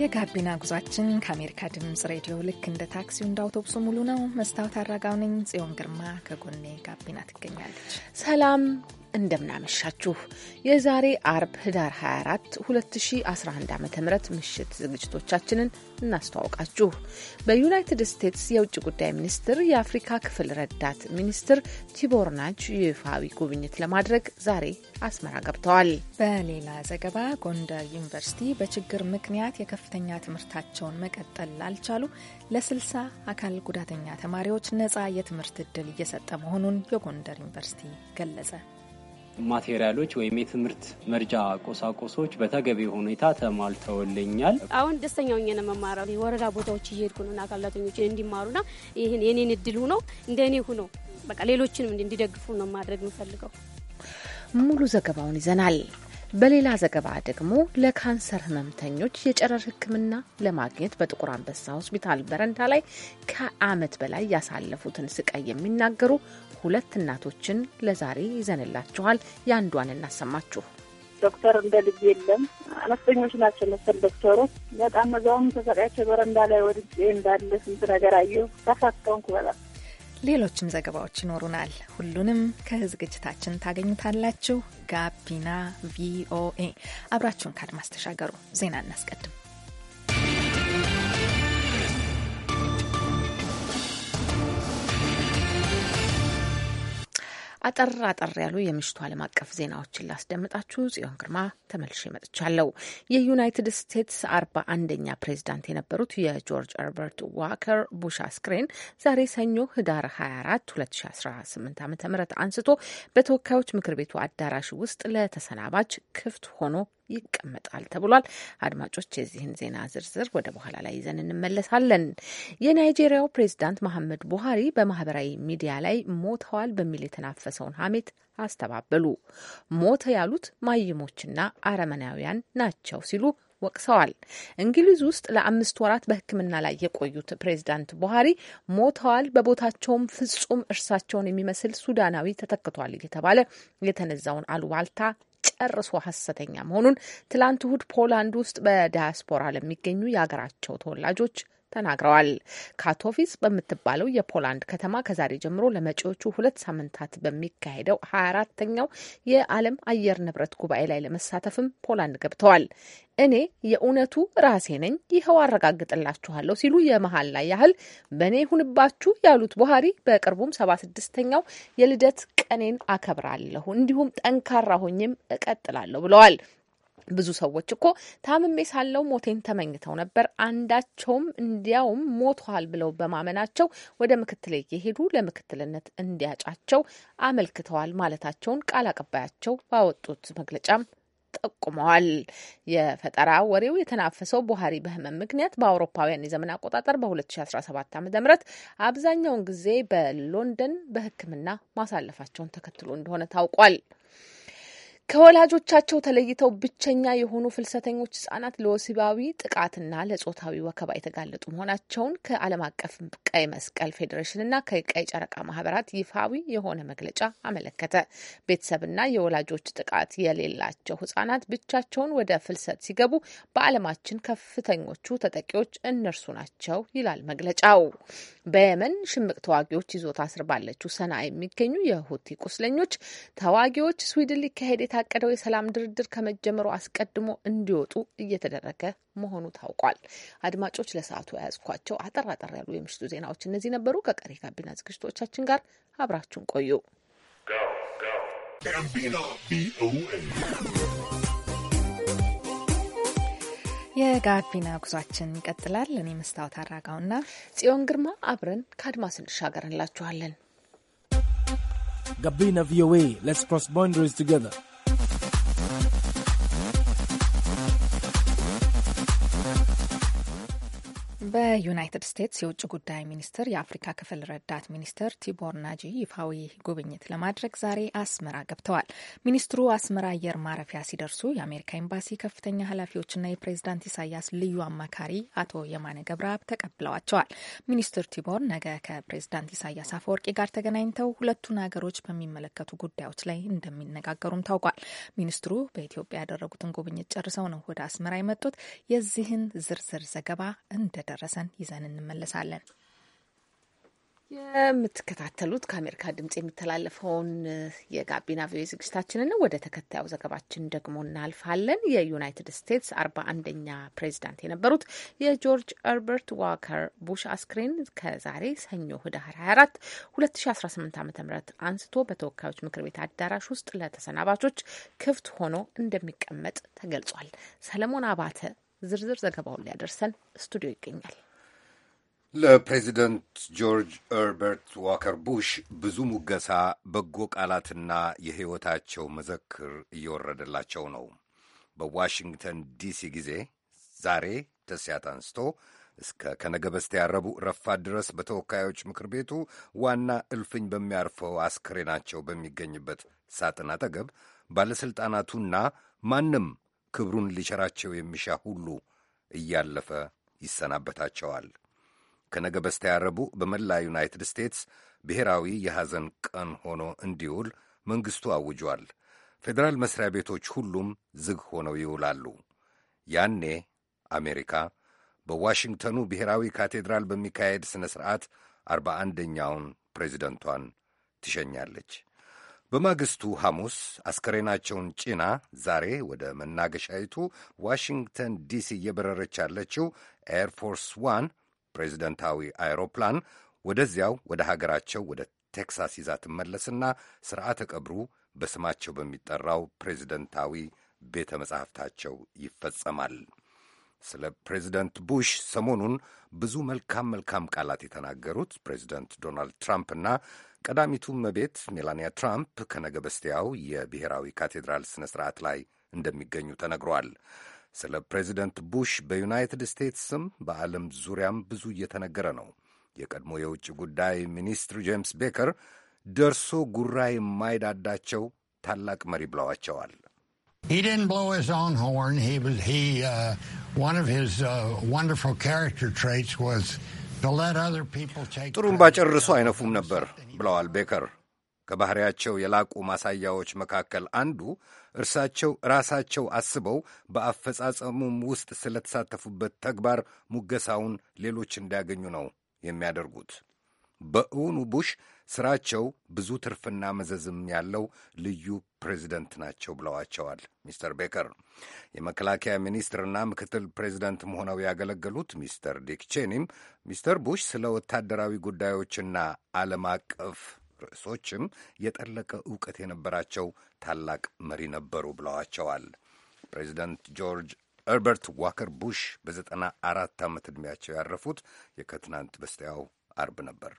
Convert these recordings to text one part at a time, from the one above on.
የጋቢና ጉዟችን ከአሜሪካ ድምጽ ሬዲዮ ልክ እንደ ታክሲው እንደ አውቶቡሱ ሙሉ ነው። መስታወት አድራጋው ነኝ ጽዮን ግርማ ከጎኔ ጋቢና ትገኛለች። ሰላም እንደምናመሻችሁ የዛሬ አርብ ህዳር 24 2011 ዓ ም ምሽት ዝግጅቶቻችንን እናስተዋውቃችሁ። በዩናይትድ ስቴትስ የውጭ ጉዳይ ሚኒስትር የአፍሪካ ክፍል ረዳት ሚኒስትር ቲቦር ናጅ ይፋዊ ጉብኝት ለማድረግ ዛሬ አስመራ ገብተዋል። በሌላ ዘገባ ጎንደር ዩኒቨርሲቲ በችግር ምክንያት የከፍተኛ ትምህርታቸውን መቀጠል ላልቻሉ ለ60 አካል ጉዳተኛ ተማሪዎች ነጻ የትምህርት እድል እየሰጠ መሆኑን የጎንደር ዩኒቨርሲቲ ገለጸ። ማቴሪያሎች ወይም የትምህርት መርጃ ቁሳቁሶች በተገቢ ሁኔታ ተሟልተውልኛል። አሁን ደስተኛ ሆኜ ነው መማረው። የወረዳ ቦታዎች እየሄድኩ ነው እና አካላተኞች እንዲማሩና ይህን የኔን እድል ሁኖ እንደ እኔ ሁኖ በቃ ሌሎችንም እንዲደግፉ ነው ማድረግ የምፈልገው። ሙሉ ዘገባውን ይዘናል። በሌላ ዘገባ ደግሞ ለካንሰር ህመምተኞች የጨረር ሕክምና ለማግኘት በጥቁር አንበሳ ሆስፒታል በረንዳ ላይ ከዓመት በላይ ያሳለፉትን ስቃይ የሚናገሩ ሁለት እናቶችን ለዛሬ ይዘንላችኋል። የአንዷን እናሰማችሁ። ዶክተር እንደ ልብ የለም አነስተኞች ናቸው መሰል ዶክተሮች በጣም መዛውም ተሰቃያቸው በረንዳ ላይ ወድጄ እንዳለ ስንት ነገር አየሁ። ተፈተንኩ በጣም ሌሎችም ዘገባዎች ይኖሩናል። ሁሉንም ከዝግጅታችን ታገኙታላችሁ። ጋቢና ቪኦኤ አብራችሁን ካድማስ ተሻገሩ። ዜና እናስቀድም። አጠር አጠር ያሉ የምሽቱ ዓለም አቀፍ ዜናዎችን ላስደምጣችሁ። ጽዮን ግርማ ተመልሼ መጥቻለሁ። የዩናይትድ ስቴትስ አርባ አንደኛ ፕሬዚዳንት የነበሩት የጆርጅ ኸርበርት ዋከር ቡሽ አስክሬን ዛሬ ሰኞ ህዳር 24 2018 ዓ ም አንስቶ በተወካዮች ምክር ቤቱ አዳራሽ ውስጥ ለተሰናባች ክፍት ሆኖ ይቀመጣል ተብሏል። አድማጮች የዚህን ዜና ዝርዝር ወደ በኋላ ላይ ይዘን እንመለሳለን። የናይጄሪያው ፕሬዚዳንት መሐመድ ቡሃሪ በማህበራዊ ሚዲያ ላይ ሞተዋል በሚል የተናፈሰውን ሐሜት አስተባበሉ። ሞተ ያሉት ማይሞችና አረመናውያን ናቸው ሲሉ ወቅሰዋል። እንግሊዝ ውስጥ ለአምስት ወራት በሕክምና ላይ የቆዩት ፕሬዚዳንት ቡሃሪ ሞተዋል፣ በቦታቸውም ፍጹም እርሳቸውን የሚመስል ሱዳናዊ ተተክቷል እየተባለ የተነዛውን አሉባልታ ጨርሶ ሀሰተኛ መሆኑን ትላንት እሁድ ፖላንድ ውስጥ በዳያስፖራ ለሚገኙ የሀገራቸው ተወላጆች ተናግረዋል። ካቶቪስ በምትባለው የፖላንድ ከተማ ከዛሬ ጀምሮ ለመጪዎቹ ሁለት ሳምንታት በሚካሄደው ሀያ አራተኛው የዓለም አየር ንብረት ጉባኤ ላይ ለመሳተፍም ፖላንድ ገብተዋል። እኔ የእውነቱ ራሴ ነኝ፣ ይኸው አረጋግጥላችኋለሁ ሲሉ የመሀል ላይ ያህል በእኔ ይሁንባችሁ ያሉት ቡሃሪ በቅርቡም ሰባ ስድስተኛው የልደት ቀኔን አከብራለሁ፣ እንዲሁም ጠንካራ ሆኜም እቀጥላለሁ ብለዋል። ብዙ ሰዎች እኮ ታምሜ ሳለው ሞቴን ተመኝተው ነበር። አንዳቸውም እንዲያውም ሞቷል ብለው በማመናቸው ወደ ምክትል እየሄዱ ለምክትልነት እንዲያጫቸው አመልክተዋል ማለታቸውን ቃል አቀባያቸው ባወጡት መግለጫም ጠቁመዋል። የፈጠራ ወሬው የተናፈሰው ቡሃሪ በህመም ምክንያት በአውሮፓውያን የዘመን አቆጣጠር በ2017 ዓ ም አብዛኛውን ጊዜ በሎንደን በሕክምና ማሳለፋቸውን ተከትሎ እንደሆነ ታውቋል። ከወላጆቻቸው ተለይተው ብቸኛ የሆኑ ፍልሰተኞች ህጻናት ለወሲባዊ ጥቃትና ለጾታዊ ወከባ የተጋለጡ መሆናቸውን ከዓለም አቀፍ ቀይ መስቀል ፌዴሬሽንና ከቀይ ጨረቃ ማህበራት ይፋዊ የሆነ መግለጫ አመለከተ። ቤተሰብና የወላጆች ጥቃት የሌላቸው ህጻናት ብቻቸውን ወደ ፍልሰት ሲገቡ በዓለማችን ከፍተኞቹ ተጠቂዎች እነርሱ ናቸው ይላል መግለጫው። በየመን ሽምቅ ተዋጊዎች ይዞታ ስር ባለችው ሰና የሚገኙ የሁቲ ቁስለኞች ተዋጊዎች ስዊድን ሊካሄድ የታቀደው የሰላም ድርድር ከመጀመሩ አስቀድሞ እንዲወጡ እየተደረገ መሆኑ ታውቋል። አድማጮች ለሰዓቱ የያዝኳቸው አጠር አጠር ያሉ የምሽቱ ዜናዎች እነዚህ ነበሩ። ከቀሪ ካቢና ዝግጅቶቻችን ጋር አብራችሁን ቆዩ። የጋቢና ጉዟችን ይቀጥላል። እኔ መስታወት አራጋውና ጽዮን ግርማ አብረን ከአድማስ እንሻገር እንላችኋለን። Gabina VOA. Let's cross boundaries በዩናይትድ ስቴትስ የውጭ ጉዳይ ሚኒስትር የአፍሪካ ክፍል ረዳት ሚኒስትር ቲቦር ናጂ ይፋዊ ጉብኝት ለማድረግ ዛሬ አስመራ ገብተዋል። ሚኒስትሩ አስመራ አየር ማረፊያ ሲደርሱ የአሜሪካ ኤምባሲ ከፍተኛ ኃላፊዎችና የፕሬዝዳንት ኢሳያስ ልዩ አማካሪ አቶ የማነ ገብረአብ ተቀብለዋቸዋል። ሚኒስትር ቲቦር ነገ ከፕሬዝዳንት ኢሳያስ አፈወርቂ ጋር ተገናኝተው ሁለቱን ሀገሮች በሚመለከቱ ጉዳዮች ላይ እንደሚነጋገሩም ታውቋል። ሚኒስትሩ በኢትዮጵያ ያደረጉትን ጉብኝት ጨርሰው ነው ወደ አስመራ የመጡት። የዚህን ዝርዝር ዘገባ እንደደረ እንደደረሰን ይዘን እንመለሳለን። የምትከታተሉት ከአሜሪካ ድምጽ የሚተላለፈውን የጋቢና ቪኦኤ ዝግጅታችንን ወደ ተከታዩ ዘገባችን ደግሞ እናልፋለን። የዩናይትድ ስቴትስ አርባ አንደኛ ፕሬዚዳንት የነበሩት የጆርጅ ኸርበርት ዋከር ቡሽ አስክሬን ከዛሬ ሰኞ ህዳር 24 2018 ዓ ም አንስቶ በተወካዮች ምክር ቤት አዳራሽ ውስጥ ለተሰናባቾች ክፍት ሆኖ እንደሚቀመጥ ተገልጿል። ሰለሞን አባተ ዝርዝር ዘገባውን ሊያደርሰን ስቱዲዮ ይገኛል። ለፕሬዚደንት ጆርጅ እርበርት ዋከር ቡሽ ብዙ ሙገሳ፣ በጎ ቃላትና የሕይወታቸው መዘክር እየወረደላቸው ነው። በዋሽንግተን ዲሲ ጊዜ ዛሬ ተስያት አንስቶ እስከ ከነገ በስቲያ ረቡዕ ረፋድ ድረስ በተወካዮች ምክር ቤቱ ዋና እልፍኝ በሚያርፈው አስክሬናቸው በሚገኝበት ሳጥን አጠገብ ባለሥልጣናቱና ማንም ክብሩን ሊቸራቸው የሚሻ ሁሉ እያለፈ ይሰናበታቸዋል። ከነገ በስቲያ ረቡዕ በመላ ዩናይትድ ስቴትስ ብሔራዊ የሐዘን ቀን ሆኖ እንዲውል መንግሥቱ አውጇል። ፌዴራል መሥሪያ ቤቶች ሁሉም ዝግ ሆነው ይውላሉ። ያኔ አሜሪካ በዋሽንግተኑ ብሔራዊ ካቴድራል በሚካሄድ ሥነ ሥርዓት አርባ አንደኛውን ፕሬዚደንቷን ትሸኛለች። በማግስቱ ሐሙስ አስከሬናቸውን ጭና ዛሬ ወደ መናገሻይቱ ዋሽንግተን ዲሲ እየበረረች ያለችው ኤርፎርስ ዋን ፕሬዚደንታዊ አይሮፕላን ወደዚያው ወደ ሀገራቸው ወደ ቴክሳስ ይዛ ትመለስና ሥርዓተ ቀብሩ በስማቸው በሚጠራው ፕሬዚደንታዊ ቤተ መጻሕፍታቸው ይፈጸማል። ስለ ፕሬዚደንት ቡሽ ሰሞኑን ብዙ መልካም መልካም ቃላት የተናገሩት ፕሬዚደንት ዶናልድ ትራምፕና ቀዳሚቱ እመቤት ሜላንያ ትራምፕ ከነገ በስቲያው የብሔራዊ ካቴድራል ሥነ ሥርዓት ላይ እንደሚገኙ ተነግሯል። ስለ ፕሬዚደንት ቡሽ በዩናይትድ ስቴትስም በዓለም ዙሪያም ብዙ እየተነገረ ነው። የቀድሞ የውጭ ጉዳይ ሚኒስትር ጄምስ ቤከር ደርሶ ጉራ የማይዳዳቸው ታላቅ መሪ ብለዋቸዋል። uh, uh, ጥሩምባ ጨርሶ አይነፉም ነበር። ብለዋል ቤከር። ከባህሪያቸው የላቁ ማሳያዎች መካከል አንዱ እርሳቸው ራሳቸው አስበው በአፈጻጸሙም ውስጥ ስለተሳተፉበት ተግባር ሙገሳውን ሌሎች እንዲያገኙ ነው የሚያደርጉት። በእውኑ ቡሽ ስራቸው ብዙ ትርፍና መዘዝም ያለው ልዩ ፕሬዚደንት ናቸው ብለዋቸዋል። ሚስተር ቤከር የመከላከያ ሚኒስትርና ምክትል ፕሬዚደንትም ሆነው ያገለገሉት ሚስተር ዲክ ቼኒም ሚስተር ቡሽ ስለ ወታደራዊ ጉዳዮችና ዓለም አቀፍ ርዕሶችም የጠለቀ እውቀት የነበራቸው ታላቅ መሪ ነበሩ ብለዋቸዋል። ፕሬዚደንት ጆርጅ ኸርበርት ዋከር ቡሽ በዘጠና አራት ዓመት ዕድሜያቸው ያረፉት የከትናንት በስቲያው አርብ ነበር።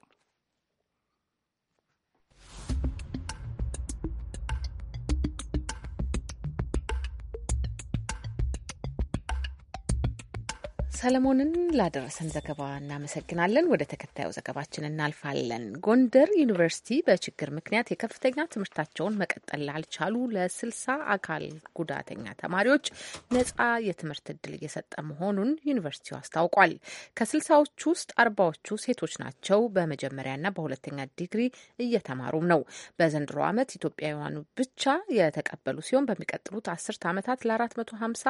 ሰለሞንን ላደረሰን ዘገባ እናመሰግናለን። ወደ ተከታዩ ዘገባችን እናልፋለን። ጎንደር ዩኒቨርሲቲ በችግር ምክንያት የከፍተኛ ትምህርታቸውን መቀጠል ላልቻሉ ለስልሳ አካል ጉዳተኛ ተማሪዎች ነጻ የትምህርት እድል እየሰጠ መሆኑን ዩኒቨርሲቲው አስታውቋል። ከስልሳዎቹ ውስጥ አርባዎቹ ሴቶች ናቸው። በመጀመሪያና በሁለተኛ ዲግሪ እየተማሩም ነው። በዘንድሮ ዓመት ኢትዮጵያውያኑ ብቻ የተቀበሉ ሲሆን በሚቀጥሉት አስርት ዓመታት ለአራት መቶ ሀምሳ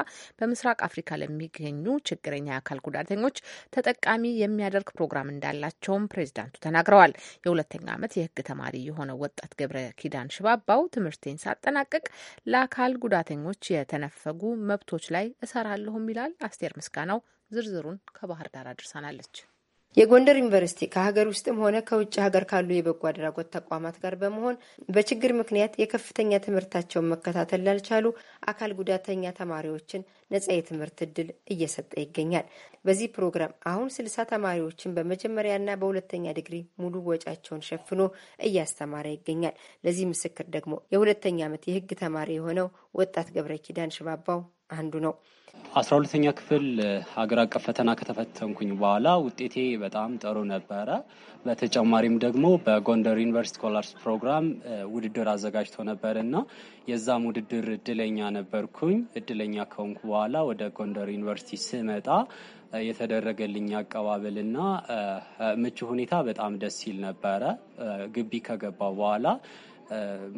በምስራቅ አፍሪካ ለሚገኙ ችግረኛ አካል ጉዳተኞች ተጠቃሚ የሚያደርግ ፕሮግራም እንዳላቸውም ፕሬዚዳንቱ ተናግረዋል። የሁለተኛ ዓመት የህግ ተማሪ የሆነው ወጣት ገብረ ኪዳን ሽባባው ትምህርቴን ሳጠናቅቅ ለአካል ጉዳተኞች የተነፈጉ መብቶች ላይ እሰራለሁም ይላል። አስቴር ምስጋናው ዝርዝሩን ከባህር ዳር አድርሳናለች። የጎንደር ዩኒቨርሲቲ ከሀገር ውስጥም ሆነ ከውጭ ሀገር ካሉ የበጎ አድራጎት ተቋማት ጋር በመሆን በችግር ምክንያት የከፍተኛ ትምህርታቸውን መከታተል ላልቻሉ አካል ጉዳተኛ ተማሪዎችን ነጻ የትምህርት እድል እየሰጠ ይገኛል። በዚህ ፕሮግራም አሁን ስልሳ ተማሪዎችን በመጀመሪያና በሁለተኛ ዲግሪ ሙሉ ወጫቸውን ሸፍኖ እያስተማረ ይገኛል። ለዚህ ምስክር ደግሞ የሁለተኛ ዓመት የህግ ተማሪ የሆነው ወጣት ገብረ ኪዳን ሽባባው አንዱ ነው። አስራ ሁለተኛ ክፍል ሀገር አቀፍ ፈተና ከተፈተንኩኝ በኋላ ውጤቴ በጣም ጥሩ ነበረ። በተጨማሪም ደግሞ በጎንደር ዩኒቨርሲቲ ስኮላርስ ፕሮግራም ውድድር አዘጋጅቶ ነበር እና የዛም ውድድር እድለኛ ነበርኩኝ። እድለኛ ከሆንኩ በኋላ ወደ ጎንደር ዩኒቨርሲቲ ስመጣ የተደረገልኝ አቀባበልና ምቹ ሁኔታ በጣም ደስ ይል ነበረ። ግቢ ከገባ በኋላ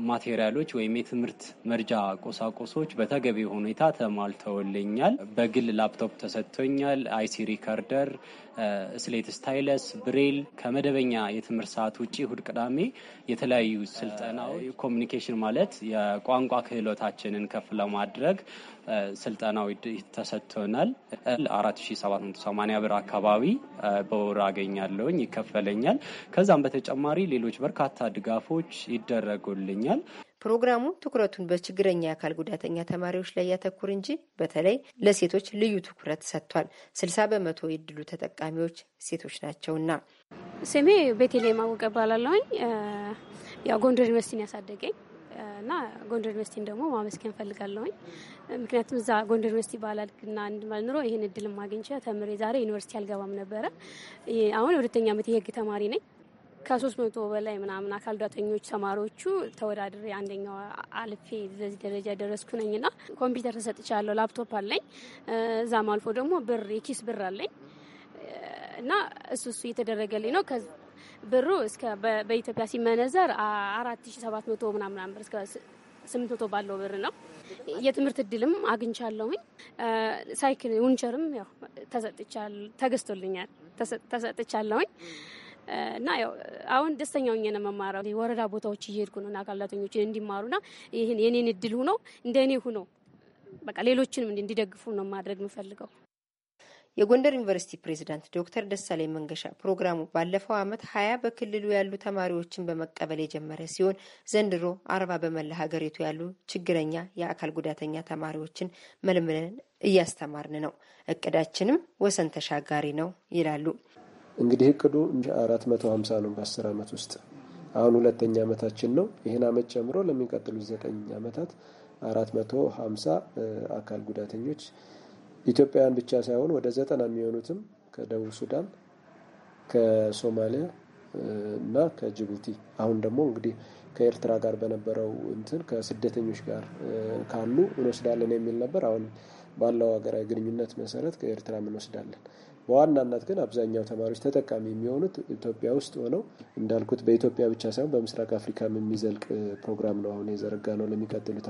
ማቴሪያሎች ወይም የትምህርት መርጃ ቁሳቁሶች በተገቢ ሁኔታ ተሟልተውልኛል። በግል ላፕቶፕ ተሰጥቶኛል። አይሲ ሪከርደር ስሌት፣ ስታይለስ፣ ብሬል ከመደበኛ የትምህርት ሰዓት ውጭ እሁድ፣ ቅዳሜ የተለያዩ ስልጠናዎች ኮሚኒኬሽን ማለት የቋንቋ ክህሎታችንን ከፍ ለማድረግ ስልጠናው ተሰጥቶናል። አራት ሺ ሰባት መቶ ሰማኒያ ብር አካባቢ በወር አገኛለውኝ ይከፈለኛል። ከዛም በተጨማሪ ሌሎች በርካታ ድጋፎች ይደረጉልኛል። ፕሮግራሙ ትኩረቱን በችግረኛ የአካል ጉዳተኛ ተማሪዎች ላይ ያተኩር እንጂ በተለይ ለሴቶች ልዩ ትኩረት ሰጥቷል። ስልሳ በመቶ የድሉ ተጠቃሚዎች ሴቶች ናቸውና። ስሜ ቤቴሌ ማወቀ ባላለውኝ ያው ጎንደር ዩኒቨርሲቲን ያሳደገኝ እና ጎንደር ዩኒቨርሲቲን ደግሞ ማመስገን ፈልጋለሁኝ። ምክንያቱም እዛ ጎንደር ዩኒቨርሲቲ ባላልግና እንድማል ኑሮ ይህን እድል ማግኝቻ ተምሬ ዛሬ ዩኒቨርሲቲ አልገባም ነበረ። አሁን ሁለተኛ ዓመት የህግ ተማሪ ነኝ። ከሶስት መቶ በላይ ምናምን አካል ጉዳተኞች ተማሪዎቹ ተወዳድሬ አንደኛው አልፌ በዚህ ደረጃ ደረስኩ ና ኮምፒውተር ተሰጥቻለሁ። ላፕቶፕ አለኝ። እዛም አልፎ ደግሞ ብር የኪስ ብር አለኝ እና እሱ እሱ እየተደረገልኝ ነው። ብሩ እስከ በኢትዮጵያ ሲመነዘር አራት ሺ ሰባት መቶ ምናምን ብር እስከ ስምንት መቶ ባለው ብር ነው። የትምህርት እድልም አግኝቻለሁኝ። ሳይክል ውንቸርም ያው ተሰጥቻል፣ ተገዝቶልኛል፣ ተሰጥቻለሁኝ እና ያው አሁን ደስተኛ ሆኜ ነው መማረው። የወረዳ ቦታዎች እየሄድኩ ነው እና እንዲማሩና ይህን የኔን እድል ሁኖ እንደ እኔ ሁኖ በቃ ሌሎችንም እንዲደግፉ ነው ማድረግ የምፈልገው። የጎንደር ዩኒቨርሲቲ ፕሬዝዳንት ዶክተር ደሳሌ መንገሻ ፕሮግራሙ ባለፈው ዓመት ሀያ በክልሉ ያሉ ተማሪዎችን በመቀበል የጀመረ ሲሆን ዘንድሮ አርባ በመላ ሀገሪቱ ያሉ ችግረኛ የአካል ጉዳተኛ ተማሪዎችን መልምለን እያስተማርን ነው። እቅዳችንም ወሰን ተሻጋሪ ነው ይላሉ። እንግዲህ እቅዱ አራት መቶ ሀምሳ ነው በአስር ዓመት ውስጥ አሁን ሁለተኛ ዓመታችን ነው። ይህን ዓመት ጨምሮ ለሚቀጥሉት ዘጠኝ ዓመታት አራት መቶ አካል ጉዳተኞች ኢትዮጵያውያን ብቻ ሳይሆን ወደ ዘጠና የሚሆኑትም ከደቡብ ሱዳን፣ ከሶማሊያ እና ከጅቡቲ አሁን ደግሞ እንግዲህ ከኤርትራ ጋር በነበረው እንትን ከስደተኞች ጋር ካሉ እንወስዳለን የሚል ነበር። አሁን ባለው ሀገራዊ ግንኙነት መሰረት ከኤርትራ እንወስዳለን። በዋናነት ግን አብዛኛው ተማሪዎች ተጠቃሚ የሚሆኑት ኢትዮጵያ ውስጥ ሆነው እንዳልኩት በኢትዮጵያ ብቻ ሳይሆን በምስራቅ አፍሪካም የሚዘልቅ ፕሮግራም ነው አሁን የዘረጋ ነው ለሚቀጥሉት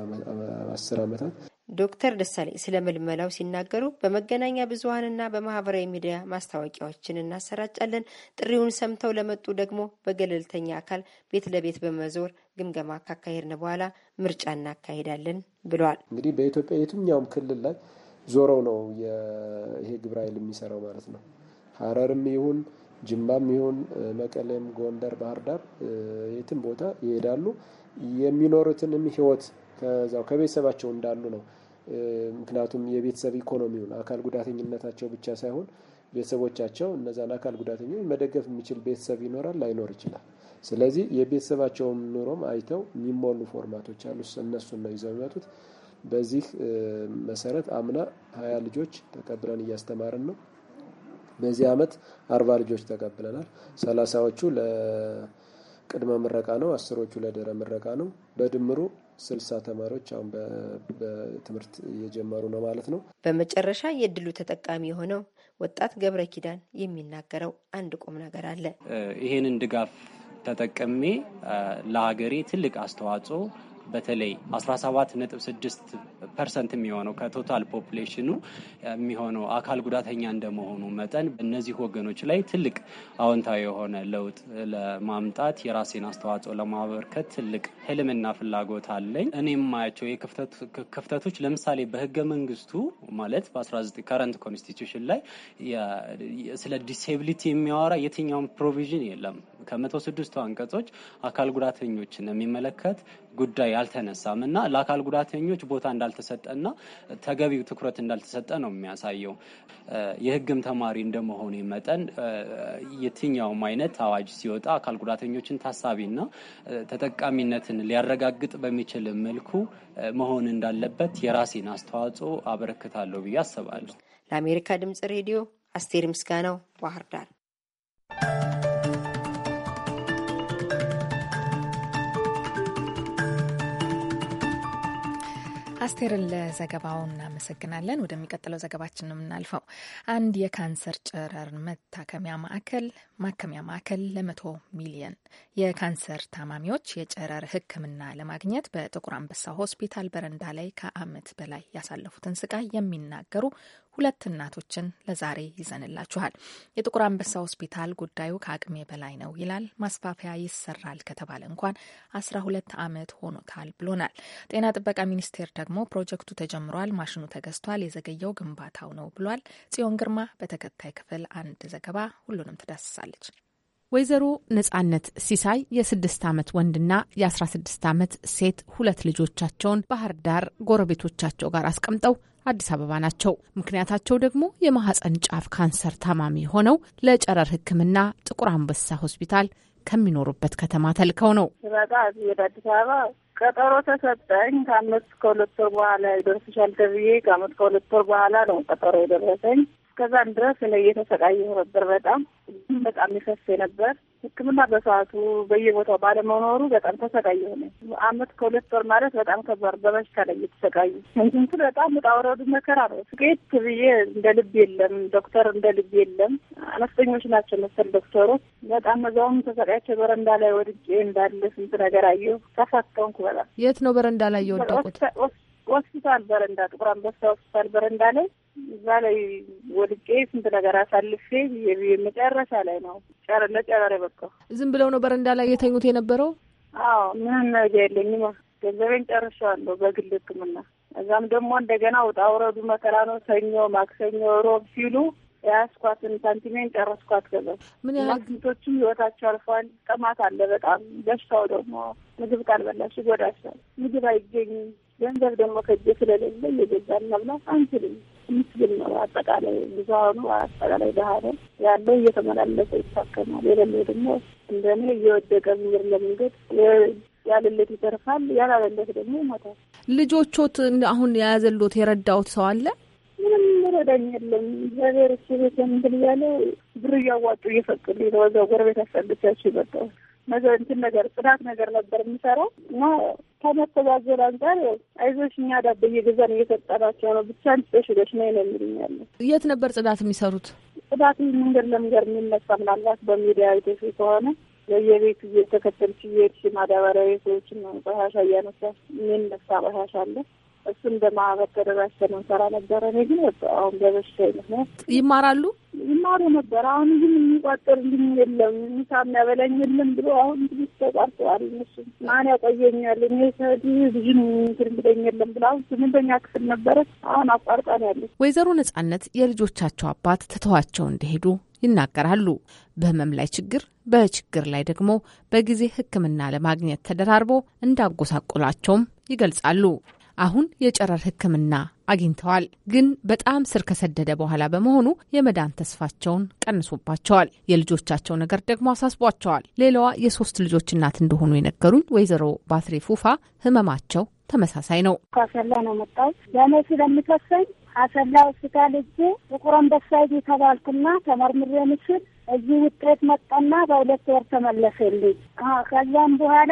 አስር ዓመታት። ዶክተር ደሳሌ ስለ ምልመላው ሲናገሩ በመገናኛ ብዙሀንና በማህበራዊ ሚዲያ ማስታወቂያዎችን እናሰራጫለን። ጥሪውን ሰምተው ለመጡ ደግሞ በገለልተኛ አካል ቤት ለቤት በመዞር ግምገማ ካካሄድን በኋላ ምርጫ እናካሄዳለን ብለዋል። እንግዲህ በኢትዮጵያ የትኛውም ክልል ላይ ዞረው ነው ይሄ ግብረ ኃይል የሚሰራው ማለት ነው። ሀረርም ይሁን ጅማም ይሁን መቀሌም፣ ጎንደር፣ ባህር ዳር የትም ቦታ ይሄዳሉ። የሚኖሩትንም ህይወት ከዛው ከቤተሰባቸው እንዳሉ ነው። ምክንያቱም የቤተሰብ ኢኮኖሚውን አካል ጉዳተኝነታቸው ብቻ ሳይሆን ቤተሰቦቻቸው እነዛን አካል ጉዳተኞች መደገፍ የሚችል ቤተሰብ ይኖራል፣ ላይኖር ይችላል። ስለዚህ የቤተሰባቸውን ኑሮም አይተው የሚሞሉ ፎርማቶች አሉ። እነሱን ነው ይዘው የሚመጡት። በዚህ መሰረት አምና ሀያ ልጆች ተቀብለን እያስተማርን ነው። በዚህ አመት አርባ ልጆች ተቀብለናል። ሰላሳዎቹ ለቅድመ ምረቃ ነው፣ አስሮቹ ለደረ ምረቃ ነው። በድምሩ ስልሳ ተማሪዎች አሁን በትምህርት እየጀመሩ ነው ማለት ነው። በመጨረሻ የእድሉ ተጠቃሚ የሆነው ወጣት ገብረ ኪዳን የሚናገረው አንድ ቁም ነገር አለ። ይሄንን ድጋፍ ተጠቅሜ ለሀገሬ ትልቅ አስተዋጽኦ በተለይ 17.6 ፐርሰንት የሚሆነው ከቶታል ፖፕሌሽኑ የሚሆነው አካል ጉዳተኛ እንደመሆኑ መጠን በእነዚህ ወገኖች ላይ ትልቅ አዎንታዊ የሆነ ለውጥ ለማምጣት የራሴን አስተዋጽኦ ለማበርከት ትልቅ ህልምና ፍላጎት አለኝ። እኔ የማያቸው ክፍተቶች ለምሳሌ በህገ መንግስቱ ማለት በ19 ከረንት ኮንስቲቱሽን ላይ ስለ ዲስብሊቲ የሚያወራ የትኛውም ፕሮቪዥን የለም። ከመቶ ስድስቱ አንቀጾች አካል ጉዳተኞችን የሚመለከት ጉዳይ አልተነሳም እና ለአካል ጉዳተኞች ቦታ እንዳልተሰጠና ተገቢው ትኩረት እንዳልተሰጠ ነው የሚያሳየው። የህግም ተማሪ እንደመሆኑ መጠን የትኛውም አይነት አዋጅ ሲወጣ አካል ጉዳተኞችን ታሳቢና ተጠቃሚነትን ሊያረጋግጥ በሚችል መልኩ መሆን እንዳለበት የራሴን አስተዋጽኦ አበረክታለሁ ብዬ አስባለሁ። ለአሜሪካ ድምጽ ሬዲዮ አስቴር ምስጋናው ባህር ዳር። አስቴርን ለዘገባው እናመሰግናለን። ወደሚቀጥለው ዘገባችን ነው የምናልፈው። አንድ የካንሰር ጨረር መታከሚያ ማዕከል ማከሚያ ማዕከል ለመቶ ሚሊየን የካንሰር ታማሚዎች የጨረር ሕክምና ለማግኘት በጥቁር አንበሳ ሆስፒታል በረንዳ ላይ ከዓመት በላይ ያሳለፉትን ስቃይ የሚናገሩ ሁለት እናቶችን ለዛሬ ይዘንላችኋል። የጥቁር አንበሳ ሆስፒታል ጉዳዩ ከአቅሜ በላይ ነው ይላል። ማስፋፊያ ይሰራል ከተባለ እንኳን አስራ ሁለት ዓመት ሆኖታል ብሎናል። ጤና ጥበቃ ሚኒስቴር ደግሞ ደግሞ ፕሮጀክቱ ተጀምሯል፣ ማሽኑ ተገዝቷል፣ የዘገየው ግንባታው ነው ብሏል። ጽዮን ግርማ በተከታይ ክፍል አንድ ዘገባ ሁሉንም ትዳስሳለች። ወይዘሮ ነጻነት ሲሳይ የስድስት ዓመት ወንድና የአስራ ስድስት ዓመት ሴት ሁለት ልጆቻቸውን ባህር ዳር ጎረቤቶቻቸው ጋር አስቀምጠው አዲስ አበባ ናቸው። ምክንያታቸው ደግሞ የማህፀን ጫፍ ካንሰር ታማሚ ሆነው ለጨረር ሕክምና ጥቁር አንበሳ ሆስፒታል ከሚኖሩበት ከተማ ተልከው ነው። ስረቃ ወደ አዲስ አበባ ቀጠሮ ተሰጠኝ። ከአመት ከሁለት ወር በኋላ ይደርስሻል ተብዬ ከአመት ከሁለት ወር በኋላ ነው ቀጠሮ የደረሰኝ። እስከዛን ድረስ እኔ እየተሰቃየሁ ነበር። በጣም በጣም ይፈሴ ነበር። ሕክምና በሰዓቱ በየቦታው ባለመኖሩ በጣም ተሰቃይ የሆነ አመት ከሁለት ወር ማለት በጣም ከባድ በበሽታ ላይ እየተሰቃዩ እንትን በጣም ውጣ ውረዱ መከራ ነው። ስቄት ብዬ እንደ ልብ የለም ዶክተር እንደ ልብ የለም። አነስተኞች ናቸው መሰል ዶክተሮች በጣም መዛውም ተሰቃያቸው። በረንዳ ላይ ወድጄ እንዳለ ስንት ነገር አየሁ። ተፈተንኩ በጣም። የት ነው በረንዳ ላይ የወደቁት? ሆስፒታል በረንዳ ጥቁር አንበሳ ሆስፒታል በረንዳ ላይ እዛ ላይ ወድቄ ስንት ነገር አሳልፌ መጨረሻ ላይ ነው ጨረለ ጨረር የበቃው። ዝም ብለው ነው በረንዳ ላይ የተኙት የነበረው? አዎ ምንም ነገ የለኝም። ገንዘቤን ጨርሻለሁ በግል ሕክምና። እዛም ደግሞ እንደገና ውጣ ውረዱ መከራ ነው። ሰኞ፣ ማክሰኞ፣ ሮብ ሲሉ የያዝኳትን ሳንቲሜን ጨረስኳት። ገዛ ምን ያህል ግቶችም ህይወታቸው አልፏል። ጥማት አለ በጣም በሽታው ደግሞ ምግብ ካልበላሽ ይጎዳሻል። ምግብ አይገኝም። ገንዘብ ደግሞ ከእጄ ስለሌለ እየገዛን መብላት አንችልም። ምስግን ነው። አጠቃላይ ብዙሀኑ አጠቃላይ ባህረ ያለው እየተመላለሰ ይታከማል። የሌለው ደግሞ እንደኔ እየወደቀ ምር ለመንገድ ያለለት ይተርፋል፣ ያላለለት ደግሞ ይሞታል። ልጆቾት አሁን የያዘሎት የረዳውት ሰው አለ? ምንም ረዳኝ የለም። እግዚአብሔር እሱ ቤት ምንድን እያለ ብር እያዋጡ እየፈቅዱ ነው። እዛው ጎረቤት አሳልቻቸው ይመጣዋል ነገር እንትን ነገር ጽዳት ነገር ነበር የምሰራው እና ከመተዛዘር አንጻር አይዞሽ እኛ ዳቦ እየገዛን እየሰጠናቸው ነው ብቻ ንጽሽ ሄደሽ ነው ነው የት ነበር ጽዳት የሚሰሩት? ጽዳት መንገድ ለመንገድ የሚነሳ ምናልባት በሚዲያ አይተሽ ከሆነ በየቤቱ እየተከተልሽ እየሄድሽ ማዳበሪያ ቤቶችን ቆሻሻ እያነሳ የሚነሳ ቆሻሻ አለ እሱን በማህበር ተደራጅተን እንሰራ ነበረ። እኔ ግን አሁን በበሽታ ምክንያት ይማራሉ ይማሩ ነበር። አሁን ግን የሚቋጠርልኝ የለም፣ ምሳ የሚያበላኝ የለም ብሎ አሁን እንግዲህ ተቋርጠዋል። እነሱ ማን ያቆየኛል? እኔ ሰድ ብዙ ትርምደኝ የለም ብሎ አሁን ስምንተኛ ክፍል ነበረ አሁን አቋርጣን ያለ ወይዘሮ ነጻነት የልጆቻቸው አባት ትተዋቸው እንደሄዱ ይናገራሉ። በህመም ላይ ችግር፣ በችግር ላይ ደግሞ በጊዜ ሕክምና ለማግኘት ተደራርቦ እንዳጎሳቆላቸውም ይገልጻሉ። አሁን የጨረር ሕክምና አግኝተዋል። ግን በጣም ስር ከሰደደ በኋላ በመሆኑ የመዳን ተስፋቸውን ቀንሶባቸዋል። የልጆቻቸው ነገር ደግሞ አሳስቧቸዋል። ሌላዋ የሶስት ልጆች እናት እንደሆኑ የነገሩኝ ወይዘሮ ባትሬ ፉፋ ህመማቸው ተመሳሳይ ነው። አሰላ ነው መጣው ለእኔ ስለምከሰኝ አሰላ ሆስፒታል እጅ ጥቁር አንበሳ የተባልኩና ተመርምሬ ምስል እዚህ ውጤት መጣና በሁለት ወር ተመለሰልኝ። ከዛም በኋላ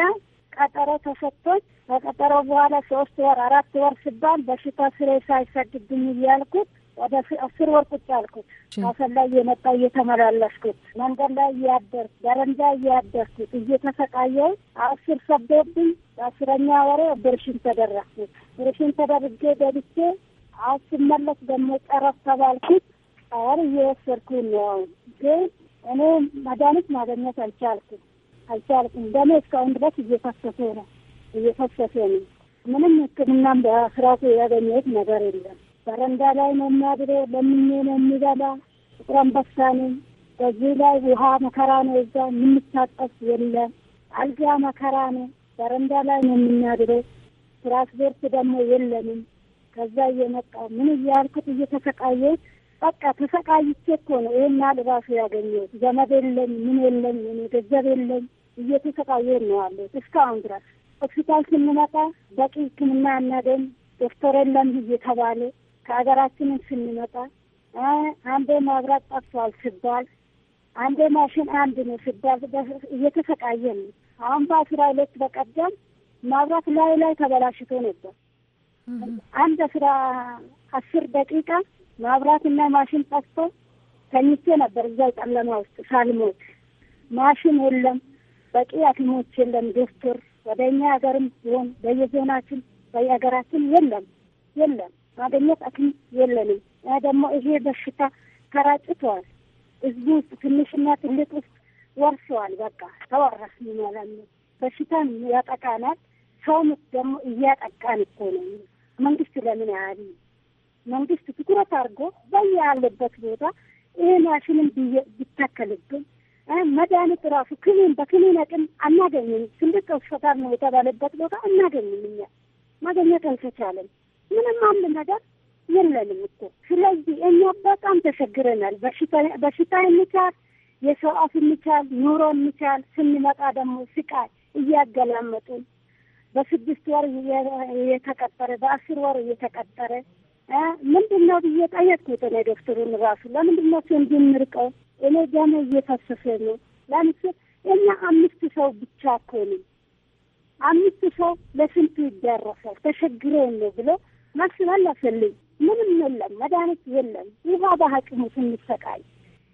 ቀጠሮ ተሰጥቶኝ ከቀጠሮ በኋላ ሶስት ወር አራት ወር ሲባል በሽታ ስሬ ሳይሰድብኝ እያልኩት ወደ አስር ወር ቁጭ አልኩት። ካሰን ላይ እየመጣ እየተመላለስኩት መንገድ ላይ እያደርኩ ደረንጃ እያደርኩት እየተሰቃየው አስር ሰብዶብኝ በአስረኛ ወሬ ብርሽን ተደረግኩት። ብርሽን ተደርጌ ገብቼ አስመለስ ደግሞ ጨረስ ተባልኩት። አሁን እየወሰድኩ ነው፣ ግን እኔ መድኃኒት ማገኘት አልቻልኩም። አልቻልኩም። ደሜ እስካሁን ድረስ እየፈሰሰ ነው እየፈሰሰ ነው። ምንም ሕክምናም በስራቱ ያገኘት ነገር የለም። በረንዳ ላይ ነው የሚያድረው። ለምኜ ነው የሚበላ። ጥቁር አንበሳ ነኝ። በዚህ ላይ ውሃ መከራ ነው። እዛ የምታጠፍ የለም። አልጋ መከራ ነው። በረንዳ ላይ ነው የምናድረው። ትራንስፖርት ደግሞ የለንም። ከዛ እየመጣ ምን እያልኩት እየተሰቃየ በቃ ተሰቃይቼ እኮ ነው ይህና ልባሱ ያገኘሁት። ዘመድ የለኝ፣ ምን የለኝ፣ ገንዘብ የለኝ እየተሰቃየን ነው ያለው እስካሁን ድረስ። ሆስፒታል ስንመጣ በቂ ሕክምና አናገኝ ዶክተር የለም እየተባለ ከሀገራችንን ስንመጣ አንዴ መብራት ጠፍቷል ሲባል አንዴ ማሽን አንድ ነው ሲባል እየተሰቃየን ነው። አሁን በአስራ ሁለት በቀደም መብራት ላይ ላይ ተበላሽቶ ነበር። አንድ አስራ አስር ደቂቃ መብራትና ማሽን ጠፍቶ ተኝቼ ነበር እዛው ጨለማ ውስጥ ሳልሞት ማሽን የለም በቂ ሐኪሞች የለም። ዶክተር ወደ እኛ ሀገርም ቢሆን በየዞናችን በየሀገራችን የለም የለም ማገኘት ሐኪም የለንም። ደግሞ ይሄ በሽታ ተራጭተዋል። ህዝቡ ውስጥ ትንሽና ትልቅ ውስጥ ወርሰዋል። በቃ ተወራስ ይመላል። በሽታን ያጠቃናል። ሰውም ደግሞ እያጠቃን እኮ ነው። መንግስት ለምን ያህል መንግስት ትኩረት አድርጎ በየ ያለበት ቦታ ይሄ ማሽንም ቢተከልብን ቢታከልብን መድኃኒት ራሱ ክኒን በክኒን አቅም አናገኝም። ትልቅ ሆስፒታል ነው የተባለበት ቦታ አናገኝም። እኛ ማገኘት አልተቻለም። ምንም አንድ ነገር የለንም እኮ። ስለዚህ እኛ በጣም ተቸግረናል። በሽታ የሚቻል የሰው አፍ የሚቻል ኑሮ የሚቻል ስንመጣ ደግሞ ስቃይ እያገላመጡን በስድስት ወር እየተቀጠረ በአስር ወር እየተቀጠረ ምንድን ነው ብዬ ጠየቅኩት ዶክተሩን ራሱ ለምንድን ነው እንድንርቀው እኔ ደሜ እየፈሰሰ ነው። ለምስ እኛ አምስት ሰው ብቻ እኮ ነው። አምስት ሰው ለስንቱ ይደረሳል ተሸግረን ነው ብሎ ማስባል አፈልኝ። ምንም የለም፣ መድኃኒት የለም። ውሃ በሀቅሙ ስንሰቃይ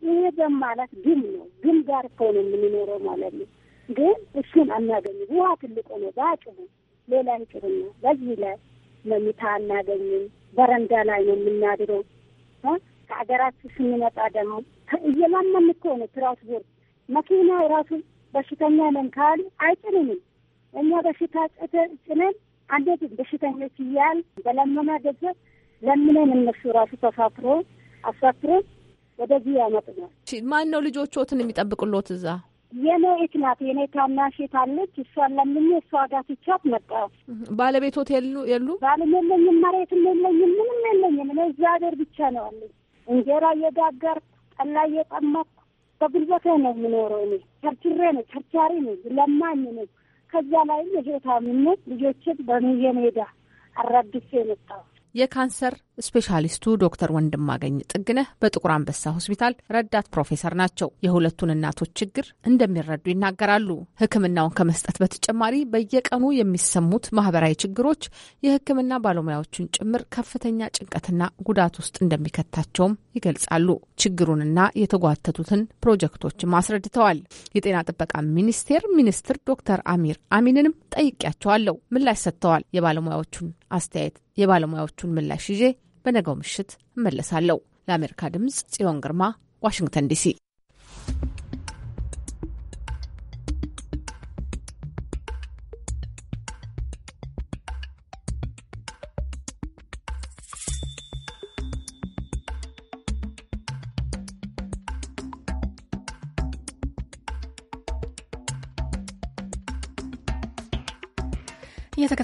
ይሄ በማለት ግም ነው። ግም ጋር እኮ ነው የምንኖረው ማለት ነው። ግን እሱን አናገኝም። ውሃ ትልቅ ነው በአቅሙ ሌላ ይቅርና በዚህ ላይ መኝታ አናገኝም። በረንዳ ላይ ነው የምናድረው። ከሀገራችን ስንመጣ ደግሞ እየለመን እኮ ነው ትራንስፖርት መኪና ራሱ በሽተኛ ነን ካሉ አይጭንንም። እኛ በሽታ ጭነን አንዴት በሽተኞች እያል በለመና ገንዘብ ለምነን እነሱ ራሱ ተሳፍሮ አሳፍሮ ወደዚህ ያመጡናል። ማን ነው ልጆችዎትን የሚጠብቅሎት እዛ? የኔ እህት ናት። የኔ ታናሽ አለች። እሷን ለምኜ እሷ ጋር ትቻት መጣ። ባለቤቶት የሉ የሉ ባልም የለኝም፣ መሬትም የለኝም፣ ምንም የለኝም። እኔ እዛ ሀገር ብቻ ነው አለኝ። እንጀራ እየጋገርኩ ጠላ እየጠመኩ በጉልበቴ ነው የምኖረው። እኔ ቸርችሬ ነው፣ ቸርቻሪ ነው፣ ለማኝ ነው። ከዚያ ላይም ይሄ ታምኜ ልጆችን በሚዬ ሜዳ አራድሴ የመጣው የካንሰር ስፔሻሊስቱ ዶክተር ወንድማገኝ ጥግነህ በጥቁር አንበሳ ሆስፒታል ረዳት ፕሮፌሰር ናቸው። የሁለቱን እናቶች ችግር እንደሚረዱ ይናገራሉ። ሕክምናውን ከመስጠት በተጨማሪ በየቀኑ የሚሰሙት ማህበራዊ ችግሮች የሕክምና ባለሙያዎቹን ጭምር ከፍተኛ ጭንቀትና ጉዳት ውስጥ እንደሚከታቸውም ይገልጻሉ። ችግሩንና የተጓተቱትን ፕሮጀክቶችም አስረድተዋል። የጤና ጥበቃ ሚኒስቴር ሚኒስትር ዶክተር አሚር አሚንንም ጠይቄያቸዋለሁ። ምላሽ ሰጥተዋል። የባለሙያዎቹን አስተያየት፣ የባለሙያዎቹን ምላሽ ይዤ በነገው ምሽት እመለሳለሁ። ለአሜሪካ ድምጽ ጽዮን ግርማ ዋሽንግተን ዲሲ።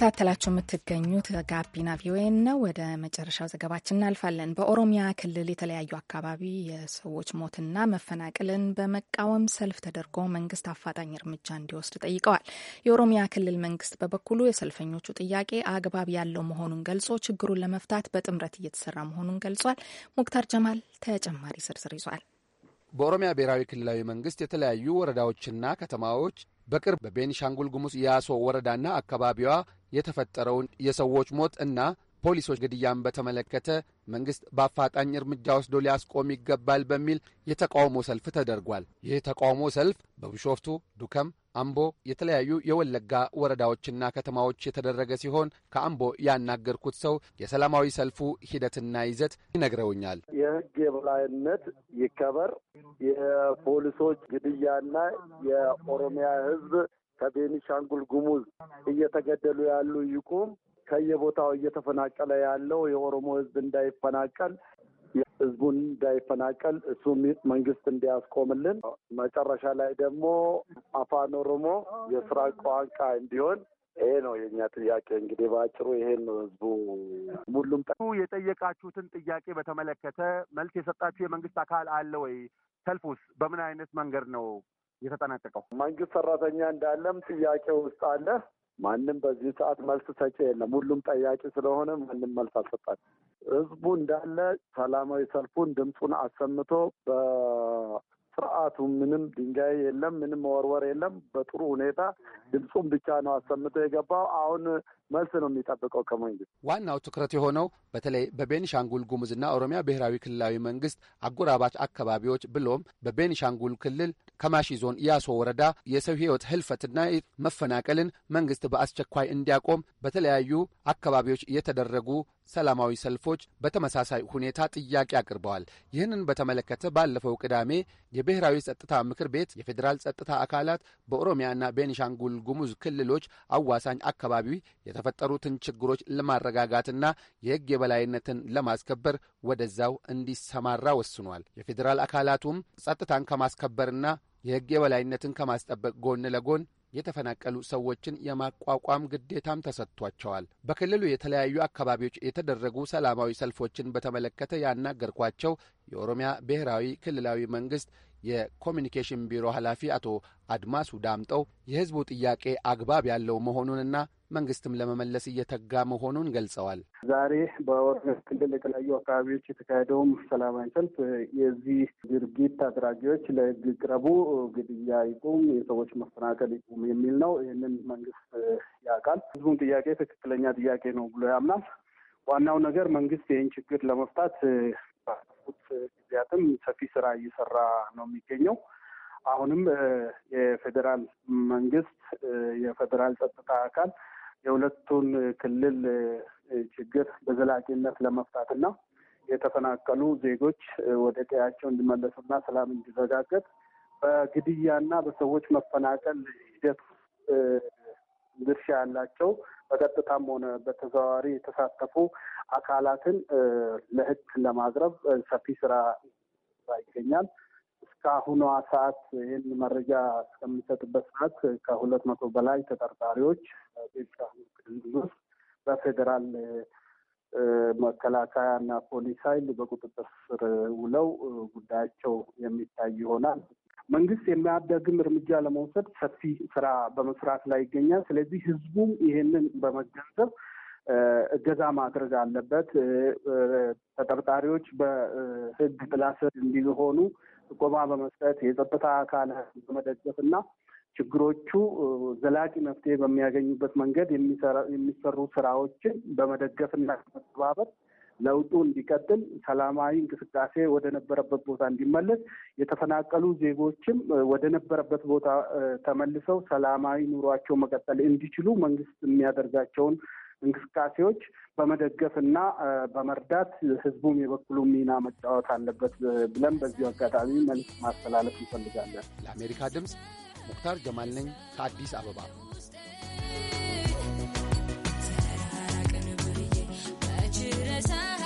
እየተከታተላችሁ የምትገኙት ጋቢና ቪኦኤ ነው። ወደ መጨረሻው ዘገባችን እናልፋለን። በኦሮሚያ ክልል የተለያዩ አካባቢ የሰዎች ሞትና መፈናቀልን በመቃወም ሰልፍ ተደርጎ መንግስት አፋጣኝ እርምጃ እንዲወስድ ጠይቀዋል። የኦሮሚያ ክልል መንግስት በበኩሉ የሰልፈኞቹ ጥያቄ አግባብ ያለው መሆኑን ገልጾ ችግሩን ለመፍታት በጥምረት እየተሰራ መሆኑን ገልጿል። ሙክታር ጀማል ተጨማሪ ዝርዝር ይዟል። በኦሮሚያ ብሔራዊ ክልላዊ መንግስት የተለያዩ ወረዳዎችና ከተማዎች በቅርብ በቤኒሻንጉል ጉሙዝ የአሶ ወረዳና አካባቢዋ የተፈጠረውን የሰዎች ሞት እና ፖሊሶች ግድያን በተመለከተ መንግስት በአፋጣኝ እርምጃ ወስዶ ሊያስቆም ይገባል በሚል የተቃውሞ ሰልፍ ተደርጓል። ይህ ተቃውሞ ሰልፍ በቢሾፍቱ፣ ዱከም፣ አምቦ፣ የተለያዩ የወለጋ ወረዳዎችና ከተማዎች የተደረገ ሲሆን ከአምቦ ያናገርኩት ሰው የሰላማዊ ሰልፉ ሂደትና ይዘት ይነግረውኛል። የህግ የበላይነት ይከበር፣ የፖሊሶች ግድያና የኦሮሚያ ህዝብ ከቤኒሻንጉል ጉሙዝ እየተገደሉ ያሉ ይቁም፣ ከየቦታው እየተፈናቀለ ያለው የኦሮሞ ህዝብ እንዳይፈናቀል ህዝቡን እንዳይፈናቀል እሱ መንግስት እንዲያስቆምልን፣ መጨረሻ ላይ ደግሞ አፋን ኦሮሞ የስራ ቋንቋ እንዲሆን። ይሄ ነው የእኛ ጥያቄ። እንግዲህ በአጭሩ ይሄን ነው ህዝቡ ሙሉም የጠየቃችሁትን ጥያቄ በተመለከተ መልስ የሰጣችሁ የመንግስት አካል አለ ወይ? ሰልፉስ በምን አይነት መንገድ ነው የተጠናቀቀው? መንግስት ሰራተኛ እንዳለም ጥያቄ ውስጥ አለ። ማንም በዚህ ሰዓት መልስ ሰጪ የለም። ሁሉም ጠያቂ ስለሆነ ማንም መልስ አልሰጣል። ህዝቡ እንዳለ ሰላማዊ ሰልፉን ድምፁን አሰምቶ በስርዓቱ ምንም ድንጋይ የለም፣ ምንም መወርወር የለም። በጥሩ ሁኔታ ድምፁን ብቻ ነው አሰምቶ የገባው አሁን መልስ ነው የሚጠብቀው ከመንግስት። ዋናው ትኩረት የሆነው በተለይ በቤኒሻንጉል ጉሙዝና ኦሮሚያ ብሔራዊ ክልላዊ መንግስት አጎራባች አካባቢዎች ብሎም በቤኒሻንጉል ክልል ከማሺ ዞን ያሶ ወረዳ የሰው ህይወት ህልፈትና መፈናቀልን መንግስት በአስቸኳይ እንዲያቆም በተለያዩ አካባቢዎች የተደረጉ ሰላማዊ ሰልፎች በተመሳሳይ ሁኔታ ጥያቄ አቅርበዋል። ይህንን በተመለከተ ባለፈው ቅዳሜ የብሔራዊ ጸጥታ ምክር ቤት የፌዴራል ጸጥታ አካላት በኦሮሚያና ቤኒሻንጉል ጉሙዝ ክልሎች አዋሳኝ አካባቢ የተፈጠሩትን ችግሮች ለማረጋጋትና የሕግ የበላይነትን ለማስከበር ወደዛው እንዲሰማራ ወስኗል። የፌዴራል አካላቱም ጸጥታን ከማስከበርና የሕግ የበላይነትን ከማስጠበቅ ጎን ለጎን የተፈናቀሉ ሰዎችን የማቋቋም ግዴታም ተሰጥቷቸዋል። በክልሉ የተለያዩ አካባቢዎች የተደረጉ ሰላማዊ ሰልፎችን በተመለከተ ያናገርኳቸው የኦሮሚያ ብሔራዊ ክልላዊ መንግስት ። የኮሚኒኬሽን ቢሮ ኃላፊ አቶ አድማሱ ዳምጠው የህዝቡ ጥያቄ አግባብ ያለው መሆኑንና መንግስትም ለመመለስ እየተጋ መሆኑን ገልጸዋል። ዛሬ በኦሮሚያ ክልል የተለያዩ አካባቢዎች የተካሄደውም ሰላማዊ ሰልፍ የዚህ ድርጊት አድራጊዎች ለህግ ቅረቡ፣ ግድያ ይቁም፣ የሰዎች መፈናቀል ይቁም የሚል ነው። ይህንን መንግስት ያውቃል። ህዝቡን ጥያቄ ትክክለኛ ጥያቄ ነው ብሎ ያምናል። ዋናው ነገር መንግስት ይህን ችግር ለመፍታት ባለፉት ጊዜያትም ሰፊ ስራ እየሰራ ነው የሚገኘው። አሁንም የፌዴራል መንግስት የፌዴራል ጸጥታ አካል የሁለቱን ክልል ችግር በዘላቂነት ለመፍታትና የተፈናቀሉ ዜጎች ወደ ቀያቸው እንዲመለሱና ሰላም እንዲረጋገጥ በግድያና በሰዎች መፈናቀል ሂደት ድርሻ ያላቸው በቀጥታም ሆነ በተዘዋዋሪ የተሳተፉ አካላትን ለህግ ለማቅረብ ሰፊ ስራ ይገኛል። እስካሁኗ ሰዓት ይህን መረጃ እስከሚሰጥበት ሰዓት ከሁለት መቶ በላይ ተጠርጣሪዎች በፌዴራል መከላከያ እና ፖሊስ ኃይል በቁጥጥር ስር ውለው ጉዳያቸው የሚታይ ይሆናል። መንግስት የሚያደግም እርምጃ ለመውሰድ ሰፊ ስራ በመስራት ላይ ይገኛል። ስለዚህ ህዝቡም ይህንን በመገንዘብ እገዛ ማድረግ አለበት። ተጠርጣሪዎች በህግ ጥላ ስር እንዲሆኑ ጥቆማ በመስጠት የጸጥታ አካል በመደገፍ እና ችግሮቹ ዘላቂ መፍትሄ በሚያገኙበት መንገድ የሚሰሩ ስራዎችን በመደገፍ እና መተባበር ለውጡ እንዲቀጥል ሰላማዊ እንቅስቃሴ ወደ ነበረበት ቦታ እንዲመለስ የተፈናቀሉ ዜጎችም ወደ ነበረበት ቦታ ተመልሰው ሰላማዊ ኑሯቸው መቀጠል እንዲችሉ መንግስት የሚያደርጋቸውን እንቅስቃሴዎች በመደገፍ እና በመርዳት ህዝቡም የበኩሉ ሚና መጫወት አለበት ብለን በዚሁ አጋጣሚ መልስ ማስተላለፍ እንፈልጋለን። ለአሜሪካ ድምፅ ሙክታር ጀማል ነኝ ከአዲስ አበባ። i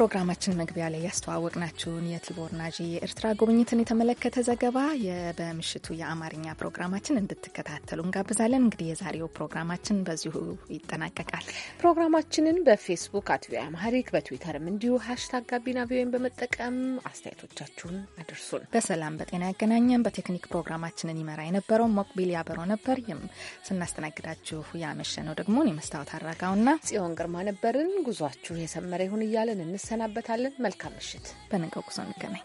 በፕሮግራማችን መግቢያ ላይ ያስተዋወቅናችሁን የቲቦር ናጂ የኤርትራ ጉብኝትን የተመለከተ ዘገባ በምሽቱ የአማርኛ ፕሮግራማችን እንድትከታተሉ እንጋብዛለን። እንግዲህ የዛሬው ፕሮግራማችን በዚሁ ይጠናቀቃል። ፕሮግራማችንን በፌስቡክ አት ቪኦኤ አማሪክ በትዊተርም እንዲሁ ሀሽታግ ጋቢና ቪኦኤን በመጠቀም አስተያየቶቻችሁን አድርሱን። በሰላም በጤና ያገናኘን። በቴክኒክ ፕሮግራማችንን ይመራ የነበረው ሞቅቢል ያበረው ነበር። ስናስተናግዳችሁ ያመሸነው ደግሞ የመስታወት አራጋውና ጽዮን ግርማ ነበርን። ጉዟችሁ የሰመረ ይሁን እያለን እንስ እንሰናበታለን። መልካም ምሽት። በነገው ጉዞ እንገናኝ።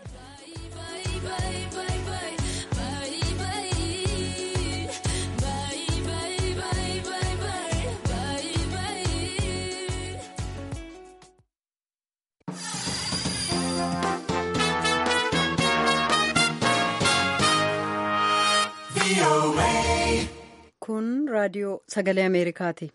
kun raadiyoo sagalee ameerikaati.